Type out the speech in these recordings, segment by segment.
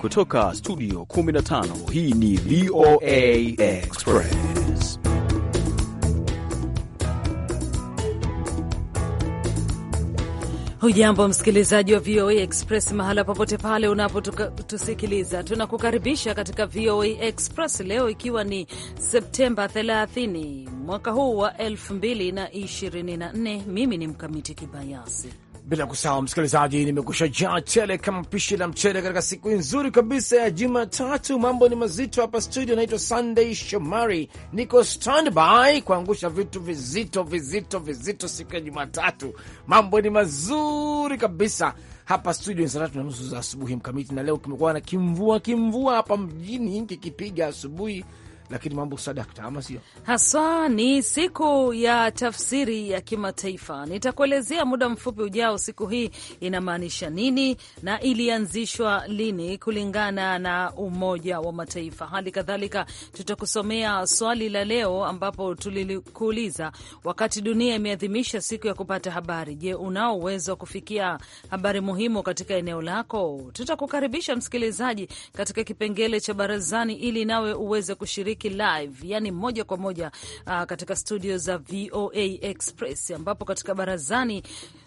kutoka studio 15 hii ni VOA Express hujambo msikilizaji wa VOA Express mahala popote pale unapotusikiliza tunakukaribisha katika VOA Express leo ikiwa ni Septemba 30 mwaka huu wa 2024 mimi ni mkamiti kibayasi bila kusahau msikilizaji, nimekusha jaa tele kama pishi la mchele katika siku nzuri kabisa ya Jumatatu. Mambo ni mazito hapa studio. Naitwa Sunday Shomari, niko standby kuangusha vitu vizito vizito vizito siku ya Jumatatu. Mambo ni mazuri kabisa hapa studio. Ni saa tatu na nusu za asubuhi mkamiti, na leo kumekuwa na kimvua kimvua hapa mjini, kikipiga asubuhi lakini mambo sadakta, ama sio? Haswa ni siku ya tafsiri ya kimataifa. Nitakuelezea muda mfupi ujao siku hii inamaanisha nini na ilianzishwa lini kulingana na Umoja wa Mataifa. Hali kadhalika tutakusomea swali la leo ambapo tulikuuliza, wakati dunia imeadhimisha siku ya kupata habari, je, unao uwezo wa kufikia habari muhimu katika eneo lako? Tutakukaribisha msikilizaji katika kipengele cha barazani ili nawe uweze kushiriki Muziki Live, yani moja kwa moja uh, katika studio za VOA Express, ambapo katika barazani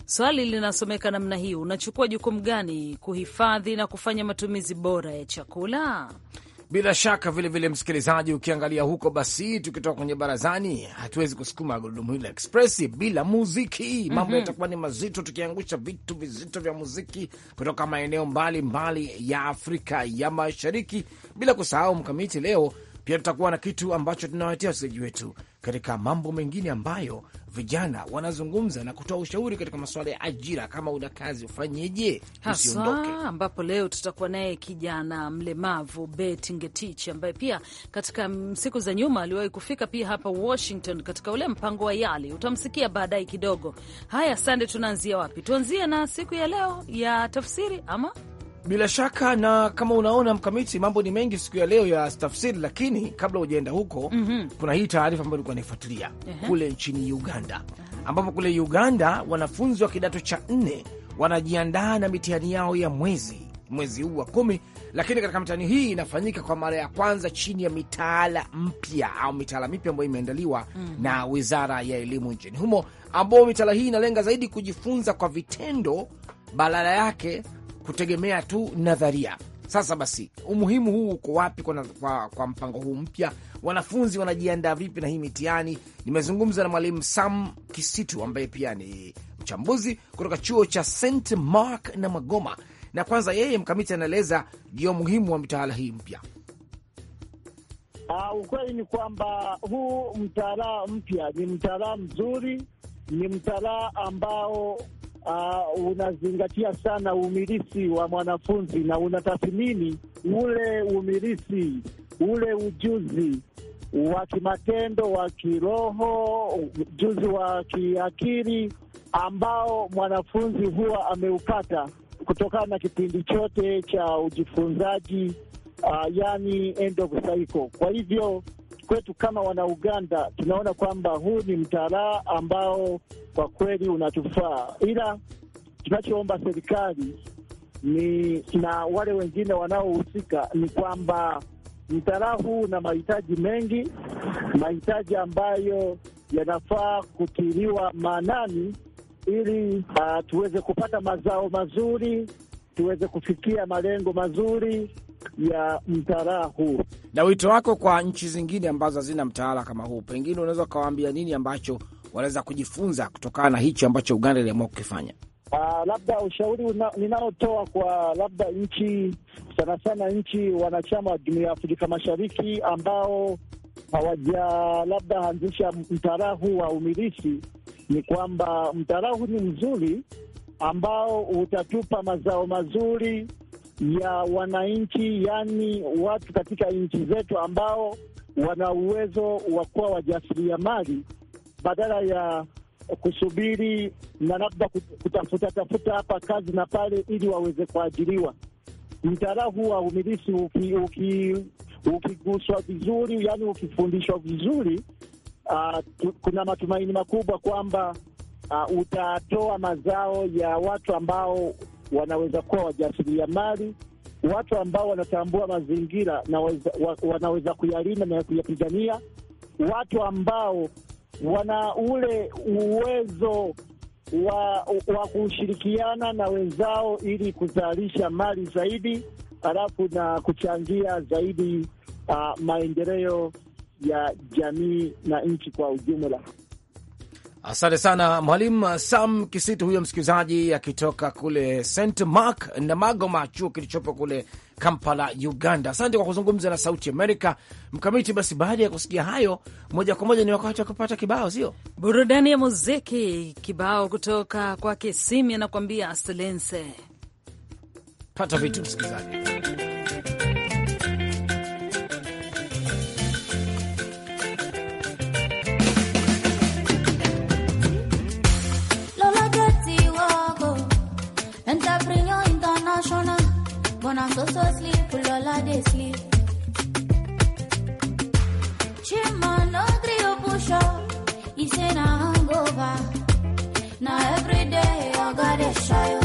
swali linasomeka namna hii: unachukua jukumu gani kuhifadhi na kufanya matumizi bora ya chakula? Bila shaka vilevile vile, msikilizaji, ukiangalia huko basi, tukitoka kwenye barazani, hatuwezi kusukuma gurudumu hili la Express bila muziki. Mambo mm -hmm. yatakuwa ni mazito, tukiangusha vitu vizito vya muziki kutoka maeneo mbalimbali ya Afrika ya Mashariki, bila kusahau mkamiti leo pia tutakuwa na kitu ambacho tunawaletea wasikilizaji wetu katika mambo mengine ambayo vijana wanazungumza na kutoa ushauri katika masuala ya ajira. Kama una kazi ufanyeje? Usiondoke, ambapo leo tutakuwa naye kijana mlemavu bet Ngetich ambaye pia katika siku za nyuma aliwahi kufika pia hapa Washington katika ule mpango wa YALI. Utamsikia baadaye kidogo. Haya, Sande, tunaanzia wapi? Tuanzie na siku ya leo ya tafsiri ama bila shaka na kama unaona mkamiti, mambo ni mengi siku ya leo ya tafsiri, lakini kabla hujaenda huko mm -hmm. kuna hii taarifa ambayo ilikuwa naifuatilia uh -huh. kule nchini Uganda ambapo kule Uganda wanafunzi wa kidato cha nne wanajiandaa na mitihani yao ya mwezi mwezi huu wa kumi, lakini katika mitihani hii inafanyika kwa mara ya kwanza chini ya mitaala mpya au mitaala mipya ambayo imeandaliwa mm. na wizara ya elimu nchini humo, ambao mitaala hii inalenga zaidi kujifunza kwa vitendo badala yake kutegemea tu nadharia. Sasa basi, umuhimu huu uko wapi kwa, kwa, kwa mpango huu mpya? Wanafunzi wanajiandaa vipi na hii mitihani? Nimezungumza na mwalimu Sam Kisitu ambaye pia ni mchambuzi kutoka chuo cha St Mark na Magoma, na kwanza yeye mkamiti anaeleza juu ya umuhimu wa mitaala hii mpya. Uh, ukweli ni kwamba huu mtaala mpya ni mtaala mzuri, ni mtaala ambao uh, unazingatia sana umilisi wa mwanafunzi na unatathmini ule umilisi, ule ujuzi wa kimatendo, wa kiroho, ujuzi wa kiakili ambao mwanafunzi huwa ameupata kutokana na kipindi chote cha ujifunzaji, uh, yani end of cycle. Kwa hivyo kwetu kama Wanauganda tunaona kwamba huu ni mtaalaa ambao kwa kweli unatufaa, ila tunachoomba serikali ni na wale wengine wanaohusika ni kwamba mtaalaa huu una mahitaji mengi, mahitaji ambayo yanafaa kutiliwa maanani ili uh, tuweze kupata mazao mazuri, tuweze kufikia malengo mazuri ya mtaalaa huu. Na wito wako kwa nchi zingine ambazo hazina mtaala kama huu, pengine unaweza ukawaambia nini ambacho wanaweza kujifunza kutokana na hichi ambacho Uganda iliamua kukifanya? Uh, labda ushauri ninaotoa kwa labda nchi sana sana nchi wanachama wa Jumuiya ya Afrika Mashariki ambao hawaja labda anzisha mtaala huu wa umilisi ni kwamba mtaala huu ni mzuri ambao utatupa mazao mazuri ya wananchi, yaani watu katika nchi zetu ambao wana uwezo wa kuwa wajasiriamali badala ya kusubiri na labda kutafuta tafuta hapa kazi na pale ili waweze kuajiriwa. Mtaala huu wa umilisi ukiguswa uki, uki vizuri, yaani ukifundishwa vizuri, uh, tu, kuna matumaini makubwa kwamba uh, utatoa mazao ya watu ambao wanaweza kuwa wajasiriamali, watu ambao wanatambua mazingira na weza, wa, wanaweza kuyalinda na kuyapigania, watu ambao wana ule uwezo wa, wa kushirikiana na wenzao ili kuzalisha mali zaidi, halafu na kuchangia zaidi uh, maendeleo ya jamii na nchi kwa ujumla. Asante sana Mwalimu Sam Kisitu, huyo msikilizaji akitoka kule St Mark na Magoma, chuo kilichopo kule Kampala, Uganda. Asante kwa kuzungumza na Sauti Amerika Mkamiti. Basi baada ya kusikia hayo, moja kwa moja ni wakati wa kupata kibao, sio burudani ya muziki. Kibao kutoka kwake Simi anakuambia Astelense. Pata vitu msikilizaji. when I'm so so sleep, pull all of day sleep. Chima no trio oh push up, it's in a hangover. Now every day I gotta show you.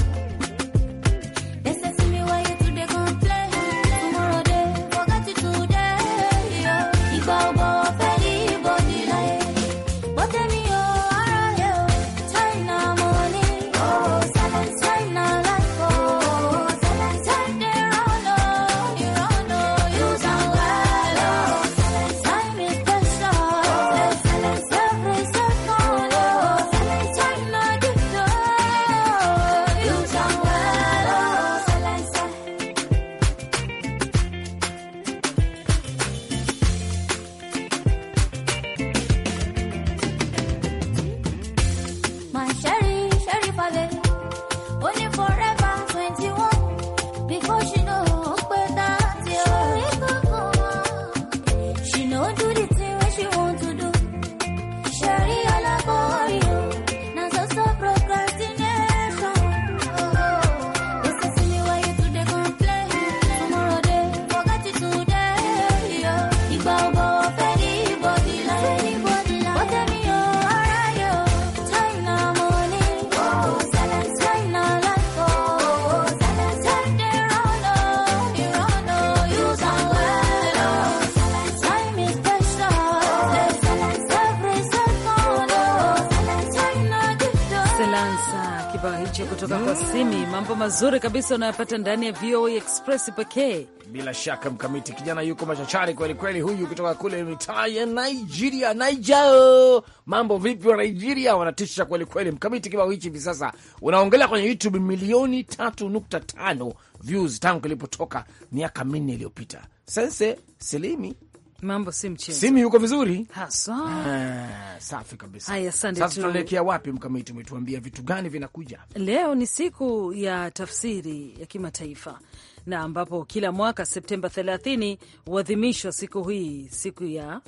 kutoka mm, kwa Simi. Mambo mazuri kabisa unayopata ndani ya VOA e Express pekee. Bila shaka Mkamiti kijana yuko machachari kweli kweli, huyu kutoka kule mitaa ya Nigeria. Naijao, mambo vipi wa Nigeria? Wanatisha kweli kweli. Mkamiti, kibao hichi hivi sasa unaongelea kwenye YouTube milioni 3.5 views tangu kilipotoka miaka minne iliyopita. Sense Selimi Mambo si mchezo. Simi yuko vizuri haswa. Ah, safi kabisa. Haya, asante. Sasa tunaelekea wapi mkamiti? Umetuambia vitu gani vinakuja leo? Ni siku ya tafsiri ya kimataifa na ambapo kila mwaka Septemba 30 huadhimishwa siku hii, siku ya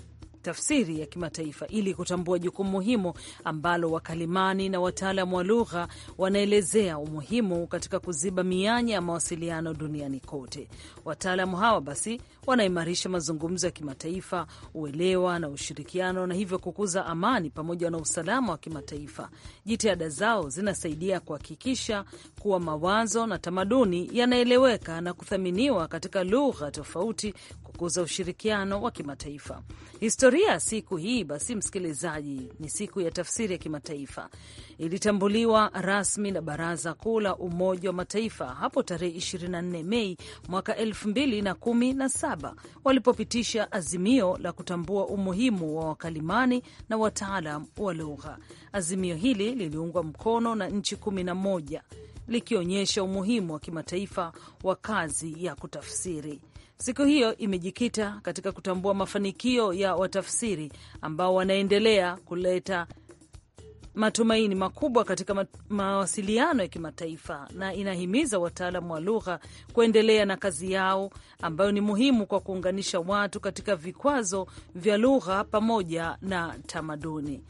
tafsiri ya kimataifa ili kutambua jukumu muhimu ambalo wakalimani na wataalamu wa lugha wanaelezea umuhimu katika kuziba mianya ya mawasiliano duniani kote. Wataalamu hawa basi wanaimarisha mazungumzo ya kimataifa, uelewa na ushirikiano, na hivyo kukuza amani pamoja na usalama wa kimataifa. Jitihada zao zinasaidia kuhakikisha kuwa mawazo na tamaduni yanaeleweka na kuthaminiwa katika lugha tofauti kukuza ushirikiano wa kimataifa. Historia ya siku hii basi, msikilizaji, ni siku ya tafsiri ya kimataifa. Ilitambuliwa rasmi na Baraza Kuu la Umoja wa Mataifa hapo tarehe 24 Mei mwaka 2017 walipopitisha azimio la kutambua umuhimu wa wakalimani na wataalam wa lugha. Azimio hili liliungwa mkono na nchi 11 likionyesha umuhimu wa kimataifa wa kazi ya kutafsiri. Siku hiyo imejikita katika kutambua mafanikio ya watafsiri ambao wanaendelea kuleta matumaini makubwa katika mawasiliano ya kimataifa na inahimiza wataalamu wa lugha kuendelea na kazi yao ambayo ni muhimu kwa kuunganisha watu katika vikwazo vya lugha pamoja na tamaduni.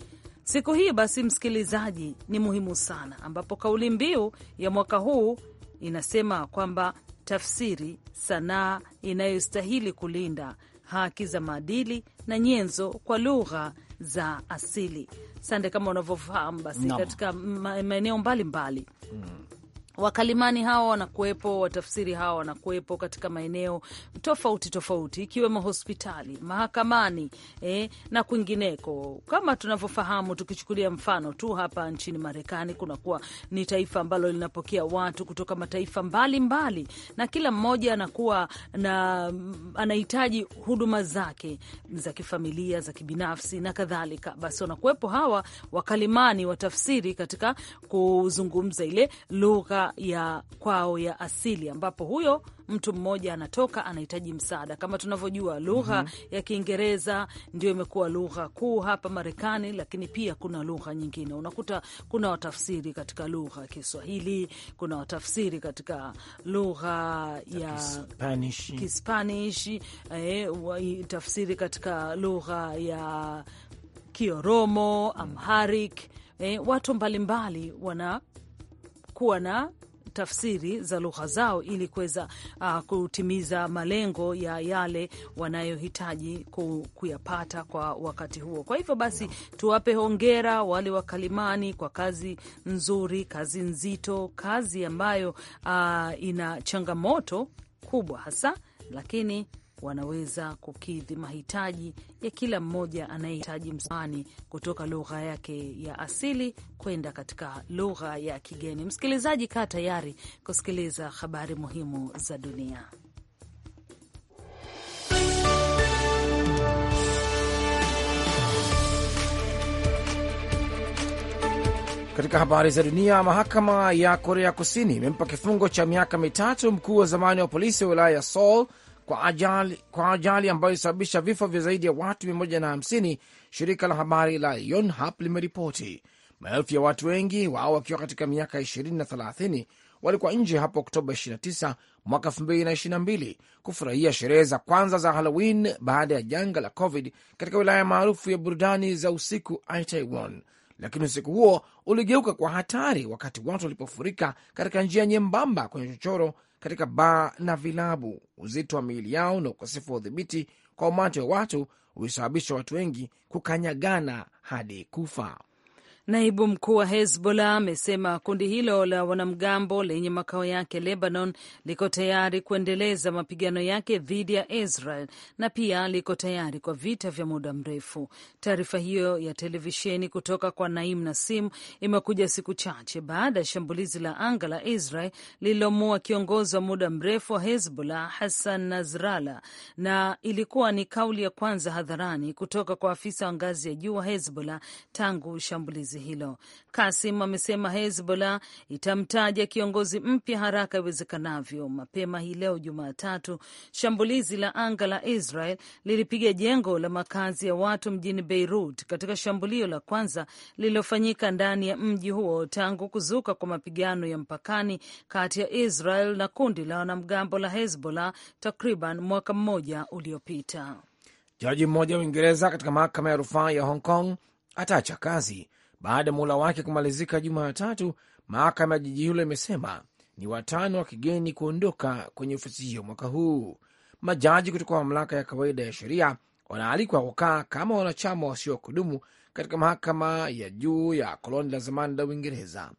Siku hii basi, msikilizaji, ni muhimu sana, ambapo kauli mbiu ya mwaka huu inasema kwamba tafsiri, sanaa inayostahili kulinda haki za maadili na nyenzo kwa lugha za asili. Sande, kama unavyofahamu basi no. katika maeneo mbalimbali mm. Wakalimani hawa wanakuwepo, watafsiri hawa wanakuwepo katika maeneo tofauti tofauti, ikiwemo hospitali, mahakamani eh, na kwingineko. Kama tunavyofahamu, tukichukulia mfano tu hapa nchini Marekani, kunakuwa ni taifa ambalo linapokea watu kutoka mataifa mbalimbali mbali, na kila mmoja anakuwa na anahitaji huduma zake za kifamilia, za kibinafsi na kadhalika. Basi wanakuwepo hawa wakalimani, watafsiri katika kuzungumza ile lugha ya kwao ya asili, ambapo huyo mtu mmoja anatoka anahitaji msaada. Kama tunavyojua lugha mm -hmm. ya Kiingereza ndio imekuwa lugha kuu hapa Marekani, lakini pia kuna lugha nyingine. Unakuta kuna watafsiri katika lugha ya Kiswahili, kuna watafsiri katika lugha ya Kispanish eh, tafsiri katika lugha ya Kioromo, Amharic. eh, watu mbalimbali wana kuwa na tafsiri za lugha zao ili kuweza uh, kutimiza malengo ya yale wanayohitaji kuyapata kwa wakati huo. Kwa hivyo basi, tuwape hongera wale wa Kalimani kwa kazi nzuri, kazi nzito, kazi ambayo uh, ina changamoto kubwa hasa, lakini wanaweza kukidhi mahitaji ya kila mmoja anayehitaji msani kutoka lugha yake ya asili kwenda katika lugha ya kigeni. Msikilizaji, kaa tayari kusikiliza habari muhimu za dunia. Katika habari za dunia, mahakama ya Korea Kusini imempa kifungo cha miaka mitatu mkuu wa zamani wa polisi wa wilaya ya Seoul kwa ajali, kwa ajali ambayo ilisababisha vifo vya zaidi ya watu 150, shirika la habari la Yonhap limeripoti. Maelfu ya watu, wengi wao wakiwa katika miaka 20 na 30, walikuwa nje hapo Oktoba 29 mwaka 2022 kufurahia sherehe za kwanza za Halloween baada ya janga la COVID katika wilaya maarufu ya burudani za usiku Itaewon lakini usiku huo uligeuka kwa hatari wakati watu walipofurika katika njia nyembamba kwenye chochoro katika baa na vilabu. Uzito wa miili yao na ukosefu wa udhibiti kwa umati wa watu ulisababisha watu wengi kukanyagana hadi kufa. Naibu mkuu wa Hezbollah amesema kundi hilo la wanamgambo lenye makao yake Lebanon liko tayari kuendeleza mapigano yake dhidi ya Israel na pia liko tayari kwa vita vya muda mrefu. Taarifa hiyo ya televisheni kutoka kwa Naim Nasim imekuja siku chache baada ya shambulizi la anga la Israel lililomua kiongozi wa muda mrefu wa Hezbollah Hassan Nasrallah, na ilikuwa ni kauli ya kwanza hadharani kutoka kwa afisa wa ngazi ya juu wa Hezbollah tangu shambulizi hilo. Kasim amesema Hezbollah itamtaja kiongozi mpya haraka iwezekanavyo. Mapema hii leo Jumatatu, shambulizi la anga la Israel lilipiga jengo la makazi ya watu mjini Beirut katika shambulio la kwanza lililofanyika ndani ya mji huo tangu kuzuka kwa mapigano ya mpakani kati ya Israel na kundi la wanamgambo la Hezbollah takriban mwaka mmoja uliopita. Jaji mmoja wa Uingereza katika mahakama ya rufaa ya Hong Kong ataacha kazi baada ya muhula wake kumalizika Jumatatu. Mahakama ya jiji hilo imesema ni watano wa kigeni kuondoka kwenye ofisi hiyo mwaka huu. Majaji kutoka mamlaka ya kawaida ya sheria wanaalikwa kukaa kama wanachama wasio kudumu katika mahakama ya juu ya koloni la zamani la Uingereza.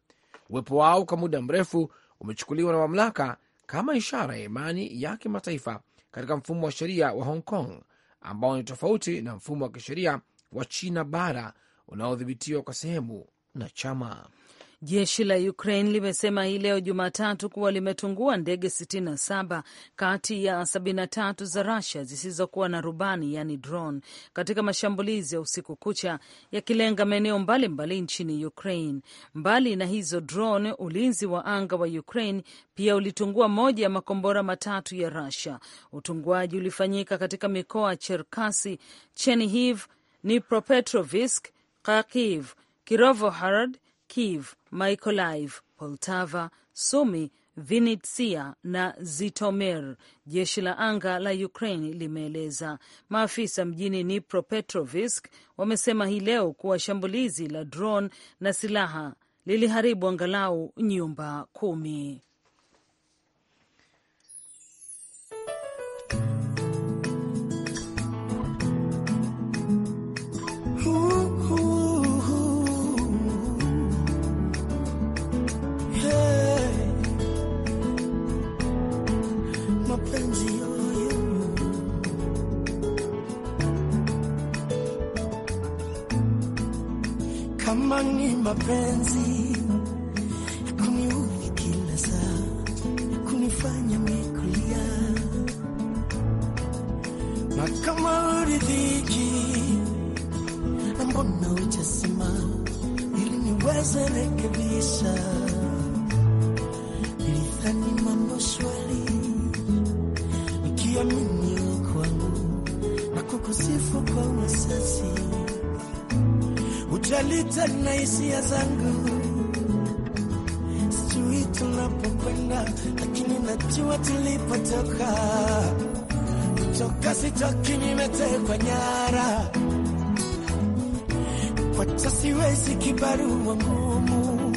Uwepo wao kwa muda mrefu umechukuliwa na mamlaka kama ishara ya imani ya kimataifa katika mfumo wa sheria wa Hong Kong ambao ni tofauti na mfumo wa kisheria wa China bara unaodhibitiwa kwa sehemu na chama. Jeshi la Ukraine limesema hii leo Jumatatu kuwa limetungua ndege 67 kati ya 73 za Rusia zisizokuwa na rubani, yani drone, katika mashambulizi ya usiku kucha yakilenga maeneo mbalimbali nchini Ukraine. Mbali na hizo drone, ulinzi wa anga wa Ukraine pia ulitungua moja ya makombora matatu ya Rusia. Utunguaji ulifanyika katika mikoa Cherkasi, Chenihiv, Nipropetrovisk Kharkiv, Kirovohrad, Kiev, Mykolaiv, Poltava, Sumi, Vinitsia na Zitomir, jeshi la anga la Ukraine limeeleza. Maafisa mjini Dnipropetrovsk wamesema hii leo kuwa shambulizi la drone na silaha liliharibu angalau nyumba kumi. ni mapenzi Sasa siwezi kibarua ngumu,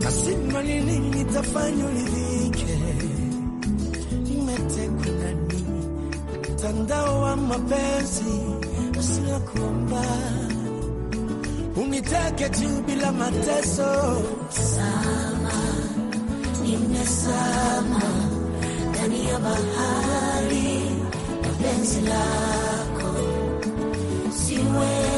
nasema nini nitafanya nidhike, nimetekwa na mtandao wa mapenzi usilakuomba uniteke tu bila mateso. Sama, nimesama ndani ya bahari na lako siwe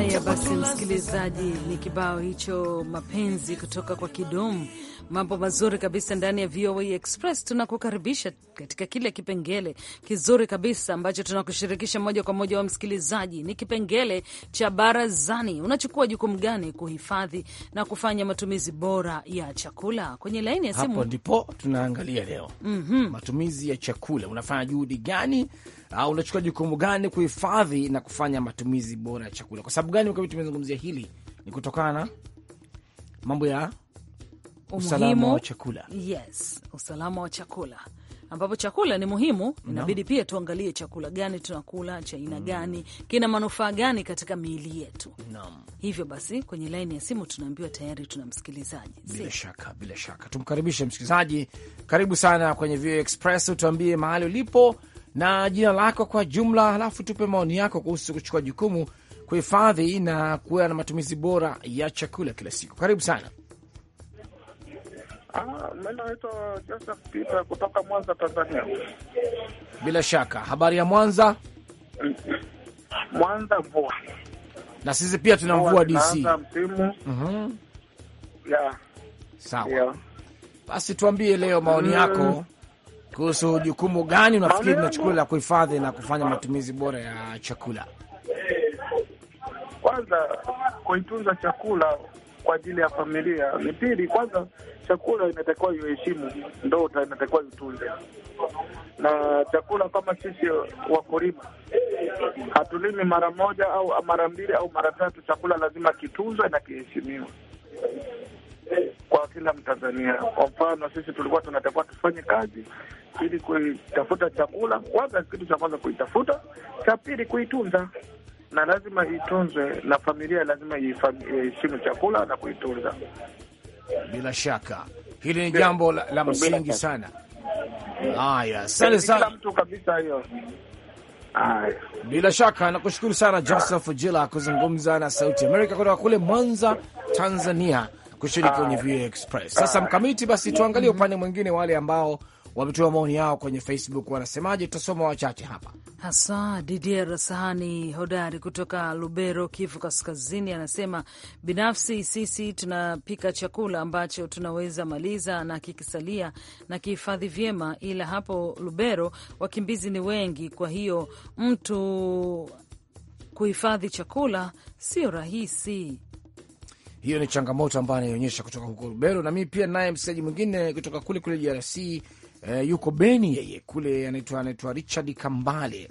Haya basi, msikilizaji, ni kibao hicho mapenzi kutoka kwa Kidomu. Mambo mazuri kabisa ndani ya VOA Express. Tunakukaribisha katika kile kipengele kizuri kabisa ambacho tunakushirikisha moja kwa moja wa msikilizaji, ni kipengele cha barazani. Unachukua jukumu gani kuhifadhi na kufanya matumizi bora ya chakula? Kwenye laini ya simu hapo ndipo tunaangalia leo mm -hmm. matumizi ya chakula, unafanya juhudi gani uh, unachukua jukumu gani kuhifadhi na kufanya matumizi bora ya chakula? Kwa sababu gani tumezungumzia hili? Ni kutokana na mambo ya usalama wa chakula. Yes, usalama wa chakula ambapo chakula ni muhimu, inabidi no. pia tuangalie chakula gani tunakula cha aina mm. gani, kina manufaa gani katika miili yetu no. Hivyo basi kwenye laini ya simu tunaambiwa tayari tuna msikilizaji. Bila shaka, bila shaka tumkaribishe msikilizaji. Karibu sana kwenye VOA Express, tuambie mahali ulipo na jina lako kwa jumla, halafu tupe maoni yako kuhusu kuchukua jukumu kuhifadhi na kuwa na matumizi bora ya chakula kila siku. Karibu sana. Ah, naitwa Joseph Peter kutoka Mwanza, Tanzania. Bila shaka habari ya Mwanza. Mwanza mvua, na sisi pia tuna mvua DC msimu. mm -hmm. yeah. Sawa yeah. Basi tuambie leo maoni yako mm kuhusu jukumu gani unafikiri linachukua la kuhifadhi na kufanya matumizi bora ya chakula? Kwanza kuitunza chakula kwa ajili ya familia ni pili. Kwanza chakula inatakiwa iheshimu, ndo inatakiwa itunze. Na chakula kama sisi wakulima hatulimi mara moja au mara mbili au mara tatu, chakula lazima kitunzwe na kiheshimiwa kwa kila Mtanzania. Kwa mfano, sisi tulikuwa tunatakiwa tufanye kazi ili kuitafuta chakula. Kwanza, kitu cha kwanza kuitafuta, cha pili kuitunza, na lazima itunzwe, na familia lazima iheshimu chakula na kuitunza. Bila shaka hili ni jambo la, la msingi sana. Haya, asante sana mtu kabisa hiyo. Bila shaka nakushukuru sana Joseph Jila kuzungumza na Sauti Amerika kutoka kule Mwanza, Tanzania kushiriki kwenye VOA Express. Sasa mkamiti, basi tuangalie upande mwingine, wale ambao wametoa maoni yao kwenye Facebook wanasemaje? Tutasoma wachache hapa, hasa Didier Sahani hodari kutoka Lubero, Kivu Kaskazini, anasema binafsi, sisi tunapika chakula ambacho tunaweza maliza na kikisalia na kihifadhi vyema, ila hapo Lubero wakimbizi ni wengi, kwa hiyo mtu kuhifadhi chakula sio rahisi hiyo ni changamoto ambayo anaionyesha kutoka huko Lubero. Na mimi pia naye msikilizaji mwingine kutoka kule kule DRC, eh, yuko Beni, yeye kule anaitwa anaitwa Richard Kambale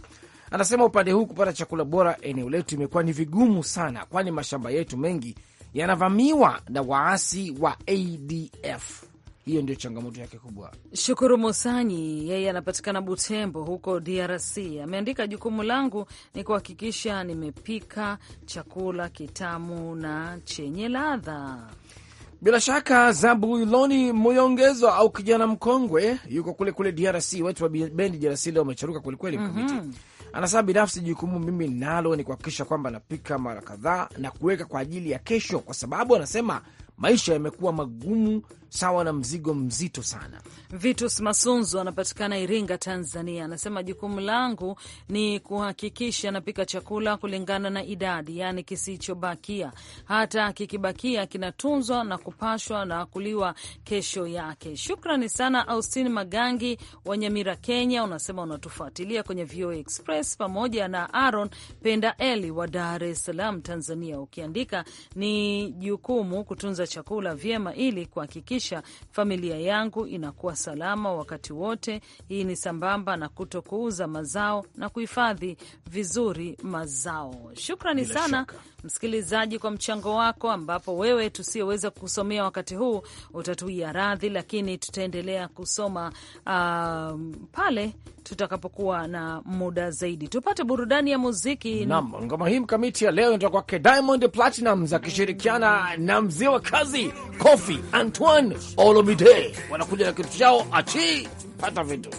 anasema upande huu kupata chakula bora eneo letu imekuwa ni vigumu sana, kwani mashamba yetu mengi yanavamiwa na waasi wa ADF. Hiyo ndio changamoto yake kubwa. Shukuru Musanyi yeye anapatikana Butembo huko DRC, ameandika jukumu langu ni kuhakikisha nimepika chakula kitamu na chenye ladha. Bila shaka Zabuloni Moyongezo au kijana mkongwe yuko kule kule DRC. Watu wa bendi DRC leo wamecharuka kwelikweli. mm -hmm. Anasema binafsi jukumu mimi nalo ni kuhakikisha kwamba napika mara kadhaa na kuweka kwa ajili ya kesho, kwa sababu anasema maisha yamekuwa magumu sawa na mzigo mzito sana. Vitus Masunzu anapatikana Iringa, Tanzania, anasema jukumu langu ni kuhakikisha napika chakula kulingana na idadi, yaani kisichobakia, hata kikibakia kinatunzwa na kupashwa na kuliwa kesho yake. Shukrani sana Austin Magangi wa Nyamira, Kenya, unasema unatufuatilia kwenye VOA Express pamoja na Aaron Penda Eli wa Dar es Salaam, Tanzania, ukiandika ni jukumu kutunza chakula vyema ili kuhakikisha kuhakikisha familia yangu inakuwa salama wakati wote. Hii ni sambamba na kuto kuuza mazao na kuhifadhi vizuri mazao. Shukrani sana shaka msikilizaji, kwa mchango wako, ambapo wewe tusiyoweza kusomea wakati huu utatuia radhi, lakini tutaendelea kusoma uh, pale tutakapokuwa na muda zaidi. Tupate burudani ya muziki. Naam, ngoma hii mkamiti ya leo inatoka kwake Diamond Platnumz akishirikiana na mzee wa kazi Kofi Antoine Olomide, wanakuja na kitu chao achi pata vitu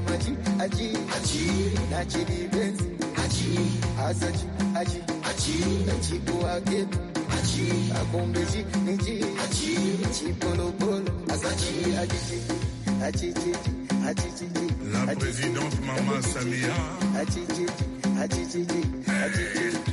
Namaji, Aji, Aji, Najiri Benz, Aji, Asaji, Aji, Aji, Nachibu Ake, Aji, Akombeji, Niji, Aji, Chipolo Asaji, Aji, Aji, Aji, Aji, La présidente Maman Samia. Aji, Aji, Aji, Aji, Aji,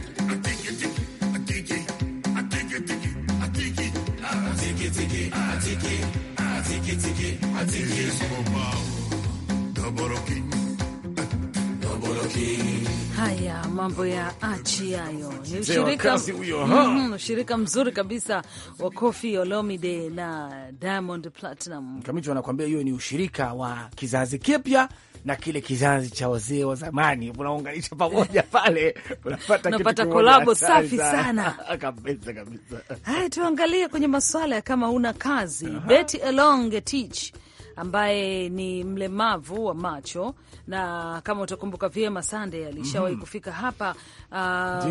mambo ya achiayo ni ushirika, mm, ushirika mzuri kabisa wa Kofi Olomide na Diamond Platinum. Kamiti wanakuambia hiyo ni ushirika wa kizazi kipya na kile kizazi cha wazee wa zamani, unaunganisha pamoja pale, unapata kolabo safi sana kabisa kabisa. Haya, tuangalie kwenye maswala ya kama una kazi. Beti Elonge Tich ambaye ni mlemavu wa macho, na kama utakumbuka vyema, Sande alishawahi mm -hmm. kufika hapa ah,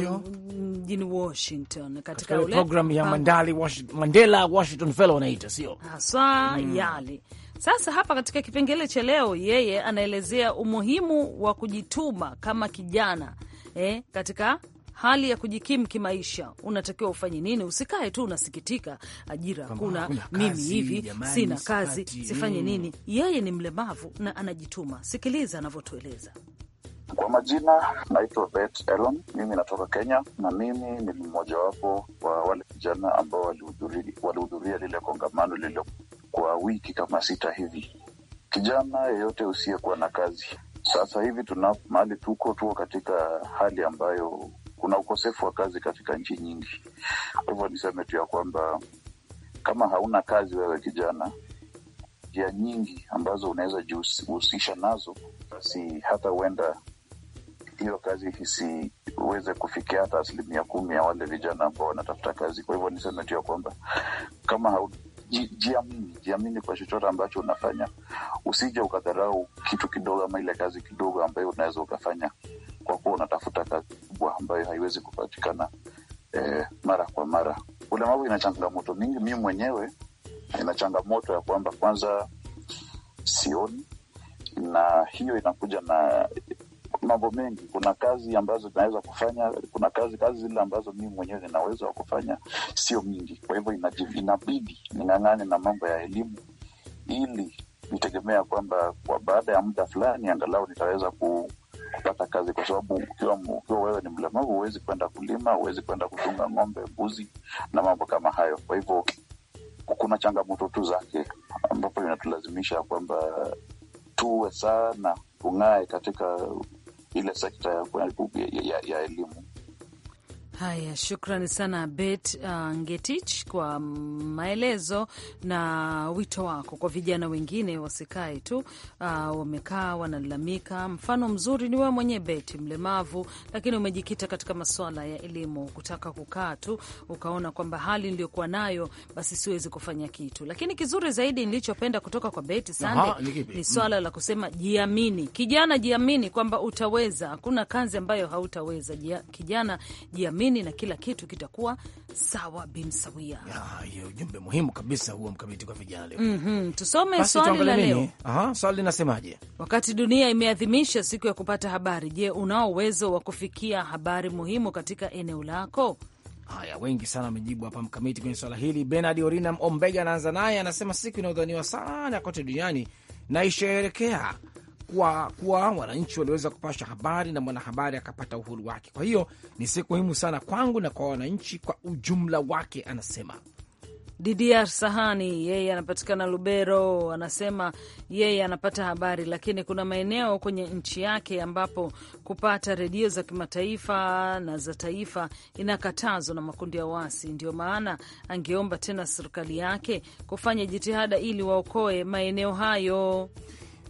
mjini uh, Washington katika program ya Mandela Washington, Mandela Washington Fellow anaita sio haswa mm. yali sasa hapa katika kipengele cha leo, yeye anaelezea umuhimu wa kujituma kama kijana eh, katika hali ya kujikimu kimaisha, unatakiwa ufanye nini? Usikae tu unasikitika, ajira hakuna, mimi hivi sina kazi sifanye nini? Yeye ni mlemavu na anajituma. Sikiliza anavyotueleza. Kwa majina naitwa Bet Elon, mimi natoka Kenya na mimi ni mmojawapo wa wale vijana ambao walihudhuria lile kongamano lile kwa wiki kama sita hivi. Kijana yeyote usiyekuwa na kazi sasa hivi tuna mahali tuko, tuko katika hali ambayo kuna ukosefu wa kazi katika nchi nyingi. Kwa hivyo niseme tu ya kwamba kama hauna kazi wewe kijana, njia nyingi ambazo unaweza jihusisha nazo, basi hata huenda hiyo kazi isiweze kufikia hata asilimia kumi ya wale vijana ambao wanatafuta kazi. Kwa hivyo niseme tu ya kwamba kama hau jiamini, jiamini kwa chochote ambacho unafanya, usije ukadharau kitu kidogo ama ile kazi kidogo ambayo unaweza ukafanya kwa kuwa unatafuta kazi kubwa ambayo haiwezi kupatikana eh, mara kwa mara. Ulemavu ina changamoto mingi. Mi mwenyewe ina changamoto ya kwamba kwanza sioni, na hiyo inakuja na mambo mengi. Kuna kazi ambazo zinaweza kufanya, kuna kazi kazi zile ambazo mimi mwenyewe uwezo wa kufanya sio mingi. Kwa hivyo inabidi ning'ang'ane na mambo ya elimu, ili nitegemea kwamba kwa baada ya muda fulani angalau nitaweza ku kupata kazi, kwa sababu ukiwa, wewe ni mlemavu huwezi kwenda kulima, huwezi kwenda kuchunga ng'ombe, mbuzi na mambo kama hayo. Kwa hivyo kuna changamoto tu zake, ambapo inatulazimisha kwamba tuwe sana tung'ae katika ile sekta ya, ya, ya elimu. Haya, shukrani sana Bet uh, Ngetich kwa maelezo na wito wako kwa vijana wengine wasikae tu, uh, wamekaa wanalalamika. Mfano mzuri ni wewe mwenyewe Bet, mlemavu, lakini umejikita katika masuala ya elimu, kutaka kukaa tu ukaona kwamba hali niliyokuwa nayo basi siwezi kufanya kitu. Lakini kizuri zaidi nilichopenda kutoka kwa Bet Sande ni mm. swala la kusema jiamini, kijana, jiamini kwamba utaweza. Hakuna kazi ambayo hautaweza. Jia, Kijana, jiamini nini, na kila kitu kitakuwa sawa bin sawia. Hiyo ujumbe muhimu kabisa huo, Mkamiti, kwa vijana leo. mm -hmm. Tusome swali la leo. Aha, swali linasemaje? Wakati dunia imeadhimisha siku ya kupata habari, je, unao uwezo wa kufikia habari muhimu katika eneo lako? Haya, wengi sana wamejibu hapa Mkamiti kwenye swala hili. Benard Orina Ombega anaanza naye, anasema siku inayodhaniwa sana kote duniani naisherekea kwa kuwa wananchi waliweza kupasha habari na mwanahabari akapata uhuru wake. Kwa hiyo ni siku muhimu sana kwangu na kwa wananchi kwa ujumla wake, anasema ddr Sahani. Yeye anapatikana Lubero, anasema yeye anapata habari, lakini kuna maeneo kwenye nchi yake ambapo kupata redio za kimataifa na za taifa inakatazwa na makundi ya wasi. Ndio maana angeomba tena serikali yake kufanya jitihada ili waokoe maeneo hayo.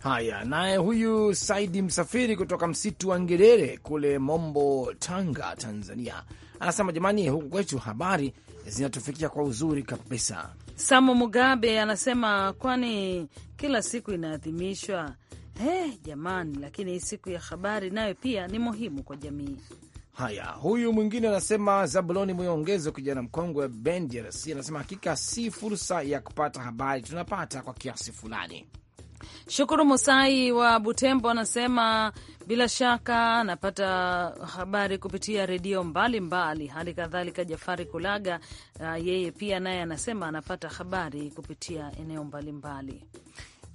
Haya, naye huyu Saidi Msafiri kutoka msitu wa Ngerere kule Mombo, Tanga, Tanzania, anasema jamani, huku kwetu habari zinatufikia kwa uzuri kabisa. Samu Mugabe anasema kwani kila siku inaadhimishwa. Hey, eh, jamani, lakini hii siku ya habari nayo pia ni muhimu kwa jamii. Haya, huyu mwingine anasema Zabuloni wa kijana mkongwe wa bendi, anasema hakika si fursa ya kupata habari, tunapata kwa kiasi fulani. Shukuru Musai wa Butembo anasema bila shaka napata habari kupitia redio mbalimbali. Hali kadhalika Jafari Kulaga uh, yeye pia naye anasema anapata habari kupitia eneo mbalimbali mbali.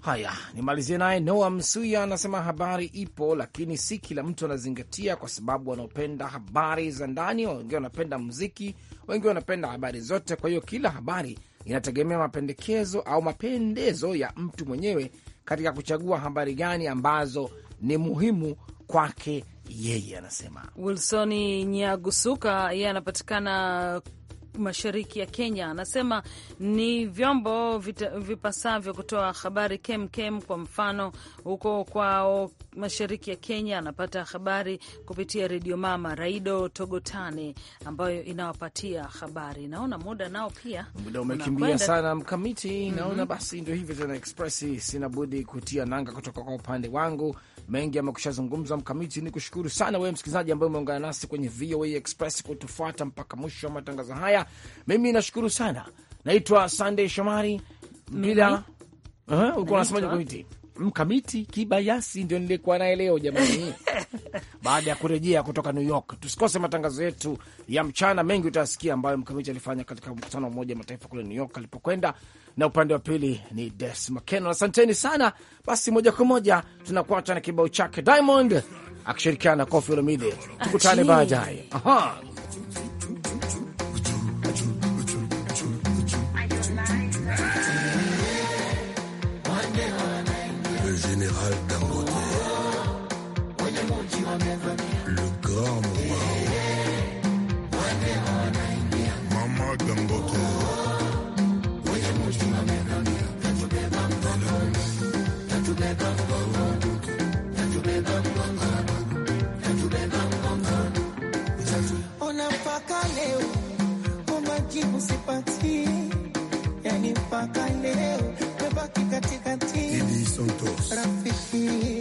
Haya, nimalizie naye Noa Msuya anasema habari ipo, lakini si kila mtu anazingatia, kwa sababu wanaopenda habari za ndani, wengine wanapenda muziki, wengine wanapenda habari zote. Kwa hiyo kila habari inategemea mapendekezo au mapendezo ya mtu mwenyewe katika kuchagua habari gani ambazo ni muhimu kwake yeye, anasema Wilsoni Nyagusuka. Yeye anapatikana mashariki ya Kenya, anasema ni vyombo vipasavyo kutoa habari kemkem kem, kwa mfano huko kwao mashariki ya Kenya anapata habari kupitia redio mama Raido Togotane ambayo inawapatia habari. Naona muda nao pia muda umekimbia sana mkamiti. mm -hmm. Naona basi ndio hivyo tena, Expressi sina budi kutia nanga kutoka kwa upande wangu. Mengi amekusha zungumza mkamiti, ni kushukuru sana wewe msikilizaji ambaye umeungana nasi kwenye VOA Express kutufuata mpaka mwisho wa matangazo haya. Mimi nashukuru sana. Naitwa Sunday Shomari bila ulikuwa unasemaje mkamiti? Mkamiti Kibayasi ndio nilikuwa naye leo jamani. Baada ya kurejea kutoka New York, tusikose matangazo yetu ya mchana, mengi utasikia ambayo Mkamiti alifanya katika mkutano wa Umoja Mataifa kule New York alipokwenda, na upande wa pili ni Des Mceno. Asanteni sana. Basi moja kwa moja tunakuacha na kibao chake Diamond akishirikiana na Koffi Olomide. Tukutane baadaye. mpaka leo mebaki katikati rafiki